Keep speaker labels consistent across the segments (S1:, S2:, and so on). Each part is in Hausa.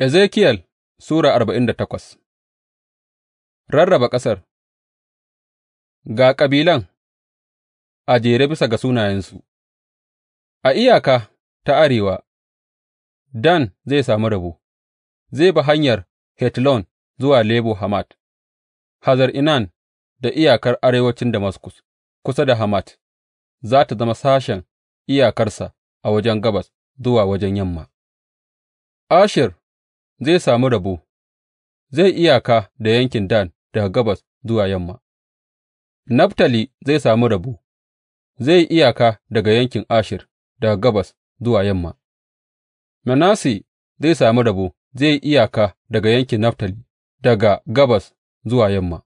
S1: Ezekiyel Sura arba'in da takwas Rarraba ƙasar Ga kabilan a jere bisa ga sunayensu, a iyaka ta arewa, Dan zai sami rabu. zai bi hanyar Hetlon zuwa Lebo Hamat, Hazar Inan da iyakar arewacin Damaskus kusa da Hamat, za ta zama sashen iyakarsa a wajen gabas zuwa wajen yamma. Asher zai sami rabo; zai iyaka da yankin Dan daga gabas zuwa yamma, Naftali zai sami rabo; zai yi iyaka daga yankin Asher daga gabas zuwa yamma, Manasse zai sami rabo; zai yi iyaka daga yankin Naftali daga gabas zuwa yamma,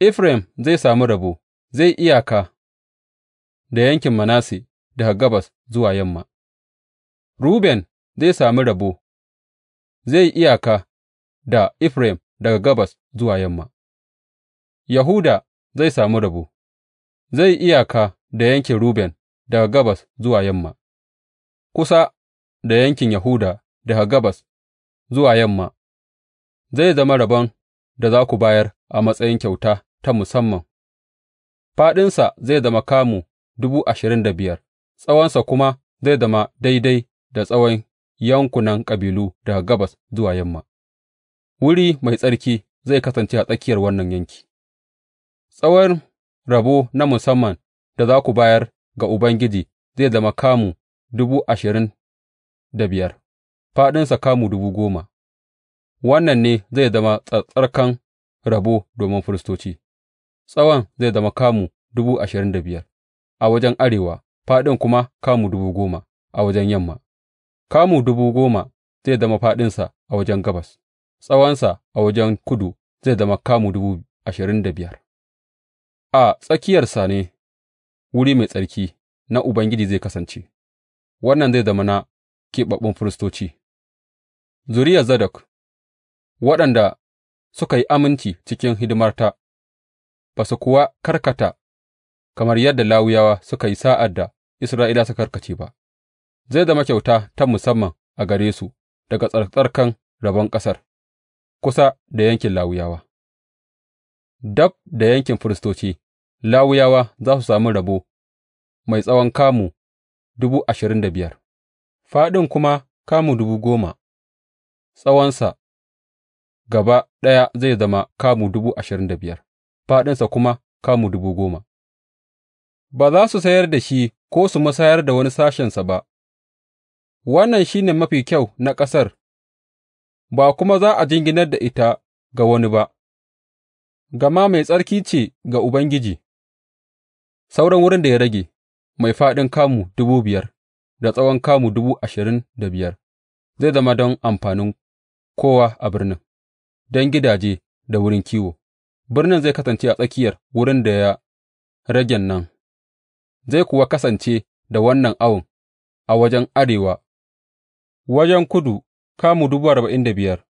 S1: Efraim zai sami rabo; zai yi iyaka da yankin Manasse daga gabas zuwa yamma, Ruben zai sami rabo. zai yi iyaka da Efraim daga gabas zuwa yamma; Yahuda zai sami rabo, zai yi iyaka da yankin Ruben daga gabas zuwa yamma, kusa da yankin Yahuda daga gabas zuwa yamma zai zama rabon da za ku bayar a matsayin kyauta ta musamman, Faɗinsa zai zama kamu dubu ashirin da biyar tsawonsa kuma zai zama daidai da tsawon yankunan kabilu daga gabas zuwa yamma, wuri mai tsarki zai kasance a tsakiyar wannan yanki, tsawon rabo na musamman da za ku bayar ga Ubangiji zai zama kamu dubu ashirin da biyar, fāɗinsa kamu dubu goma, wannan ne zai zama tsattsarkan rabo domin firistoci, tsawon zai zama kamu dubu ashirin da biyar a wajen arewa, fāɗin kuma kamu dubu goma a wajen yamma. kamu dubu goma zai zama fāɗinsa a wajen gabas, tsawonsa a wajen kudu zai zama kamu dubu ashirin da biyar. A tsakiyarsa ne wuri mai tsarki na Ubangiji zai kasance, wannan zai zama na keɓaɓɓun firistoci, zuriyar Zadok, waɗanda suka yi aminci cikin hidimarta, ba su kuwa karkata kamar yadda Lawiyawa suka yi sa'ad da isra'ila suka karkace ba. zai zama kyauta ta musamman a gare su daga tsarkakan rabon ƙasar, kusa da yankin lawuyawa. dab da yankin firistoci, lawuyawa za su sami rabo mai tsawon kamu dubu ashirin da biyar, faɗin kuma kamu dubu goma, tsawonsa gaba ɗaya zai zama kamu dubu ashirin da biyar, faɗinsa kuma kamu dubu goma. Ba za su sayar da shi ko su musayar da wani sashensa ba. Wannan shi ne mafi kyau na ƙasar, ba kuma za a jinginar da ita ga wani ba, gama mai tsarki ce ga Ubangiji, sauran wurin da ya rage, mai fāɗin kamu dubu biyar da tsawon kamu dubu ashirin da biyar, zai zama don amfanin kowa a birnin, don gidaje da wurin kiwo, birnin zai kasance a tsakiyar wurin da ya ragen nan, zai kuwa kasance da wannan awon a wajen arewa wajen kudu kamu dubu arba'in da biyar,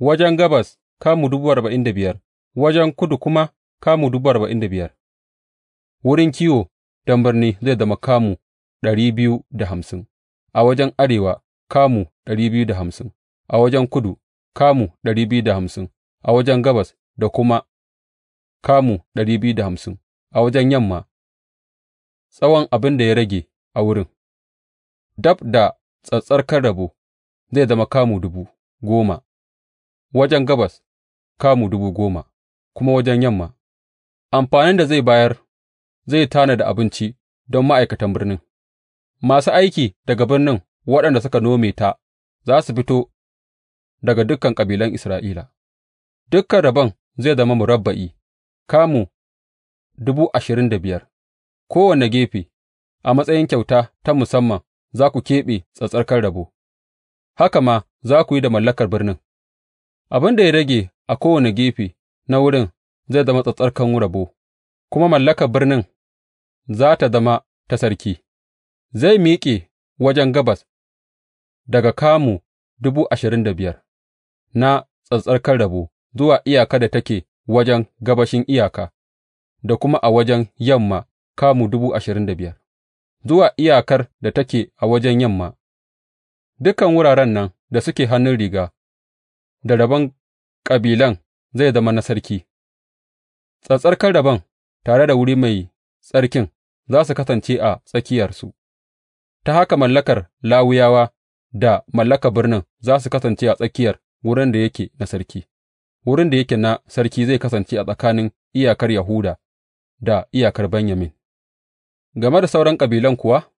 S1: wajen gabas kamu dubu arba'in da biyar, wajen kudu kuma kamu dubu arba'in da biyar, wurin kiwo don birni zai zama kamu ɗari biyu da hamsin, a wajen arewa kamu ɗari biyu da hamsin, a wajen kudu kamu ɗari biyu da hamsin, a wajen gabas da kuma kamu ɗari biyu da hamsin, a wajen yamma, tsawon abin da ya rage a wurin, dab da tsattsarkan rabo zai zama kamu dubu goma wajen gabas, kamu dubu goma kuma wajen yamma, amfanin da zai bayar zai tana da abinci don ma'aikatan birnin, masu aiki daga birnin waɗanda suka nome ta za su fito daga dukan kabilan Isra'ila, dukan rabon zai zama murabba'i, kamu dubu ashirin da biyar, kowane gefe, a matsayin kyauta ta musamman za ku keɓe tsattsarkan rabo, haka ma za ku yi da mallakar birnin, abin da ya rage a kowane gefe na wurin zai zama tsattsarkan rabo, kuma mallakar birnin za ta zama ta sarki, zai miƙe wajen gabas daga kamu dubu ashirin da biyar na tsattsarkan rabo zuwa iyaka da take wajen gabashin iyaka, da kuma a wajen yamma kamu dubu ashirin da biyar. zuwa iyakar da take a wajen yamma, dukan wuraren nan da suke hannun riga, da rabon kabilan zai zama na sarki, tsattsarkan rabon tare da wuri mai tsarkin za su kasance a tsakiyarsu, ta haka mallakar lawuyawa da mallakar birnin za su kasance a tsakiyar wurin da yake na sarki, wurin da yake na sarki zai kasance a tsakanin iyakar Yahuda da iyakar Benyamin. Game da sauran kabilan kuwa,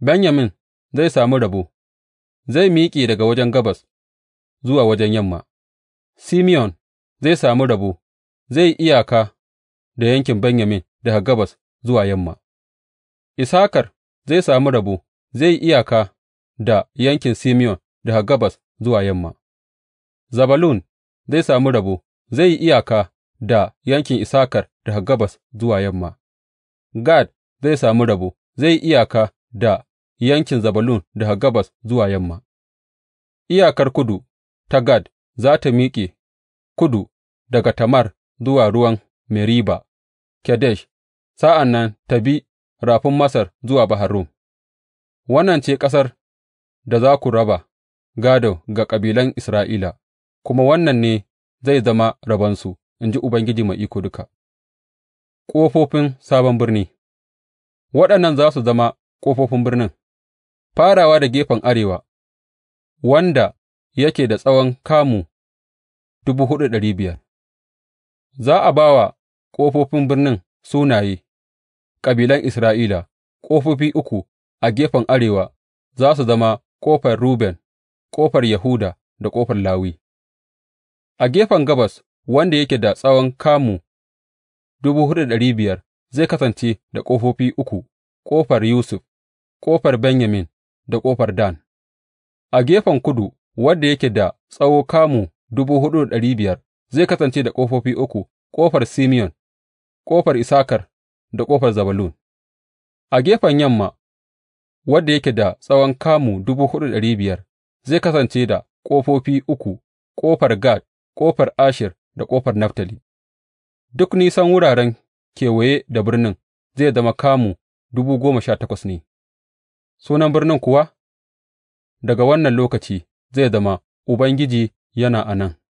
S1: Benyamin zai sami rabo, zai miƙe daga wajen gabas zuwa wajen yamma, Simeyon zai sami rabo, zai yi iyaka da yankin Benyamin daga gabas zuwa yamma, Isakar zai sami rabo, zai yi iyaka da yankin Simeyon daga gabas zuwa yamma, Zebulun zai sami rabo, zai yi iyaka da yankin Isakar daga gabas zuwa yamma, Gad zai sami rabo; zai yi iyaka da yankin Zebulun daga gabas zuwa yamma, iyakar kudu ta Gad za ta miƙe kudu daga Tamar zuwa ruwan Meriba Kadesh, sa'an nan ta bi Rafin Masar zuwa Bahar Wannan ce ƙasar da za ku raba gado ga kabilan Isra'ila, kuma wannan ne zai zama rabonsu, in ji Ubangiji Mai Iko Duka. Ƙofofin sabon birni. Waɗannan za su zama ƙofofin birnin, farawa da gefen arewa, wanda yake da tsawon kamu dubu hudu biyar. Za a ba wa ƙofofin birnin sunaye kabilan Isra'ila, ƙofofi uku a gefen arewa za su zama ƙofar Ruben, ƙofar Yahuda da ƙofar Lawi, a gefen gabas wanda yake da tsawon kamu dubu hudu biyar. zai kasance da ƙofofi uku ƙofar Yusuf, ƙofar Benyamin da ƙofar Dan, a gefen kudu wadda yake da tsawo kamu dubu hudu da ɗari biyar zai kasance da ƙofofi uku ƙofar Simeyon, ƙofar Isakar da ƙofar Zabalun, a gefen yamma wadda yake da tsawon kamu dubu hudu da biyar zai kasance da ƙofofi uku ƙofar Gad, ƙofar Asher da ƙofar Naftali, duk nisan wuraren kewaye da birnin zai zama kamu dubu goma sha takwas ne, sunan birnin kuwa daga wannan lokaci zai zama Ubangiji yana a nan.’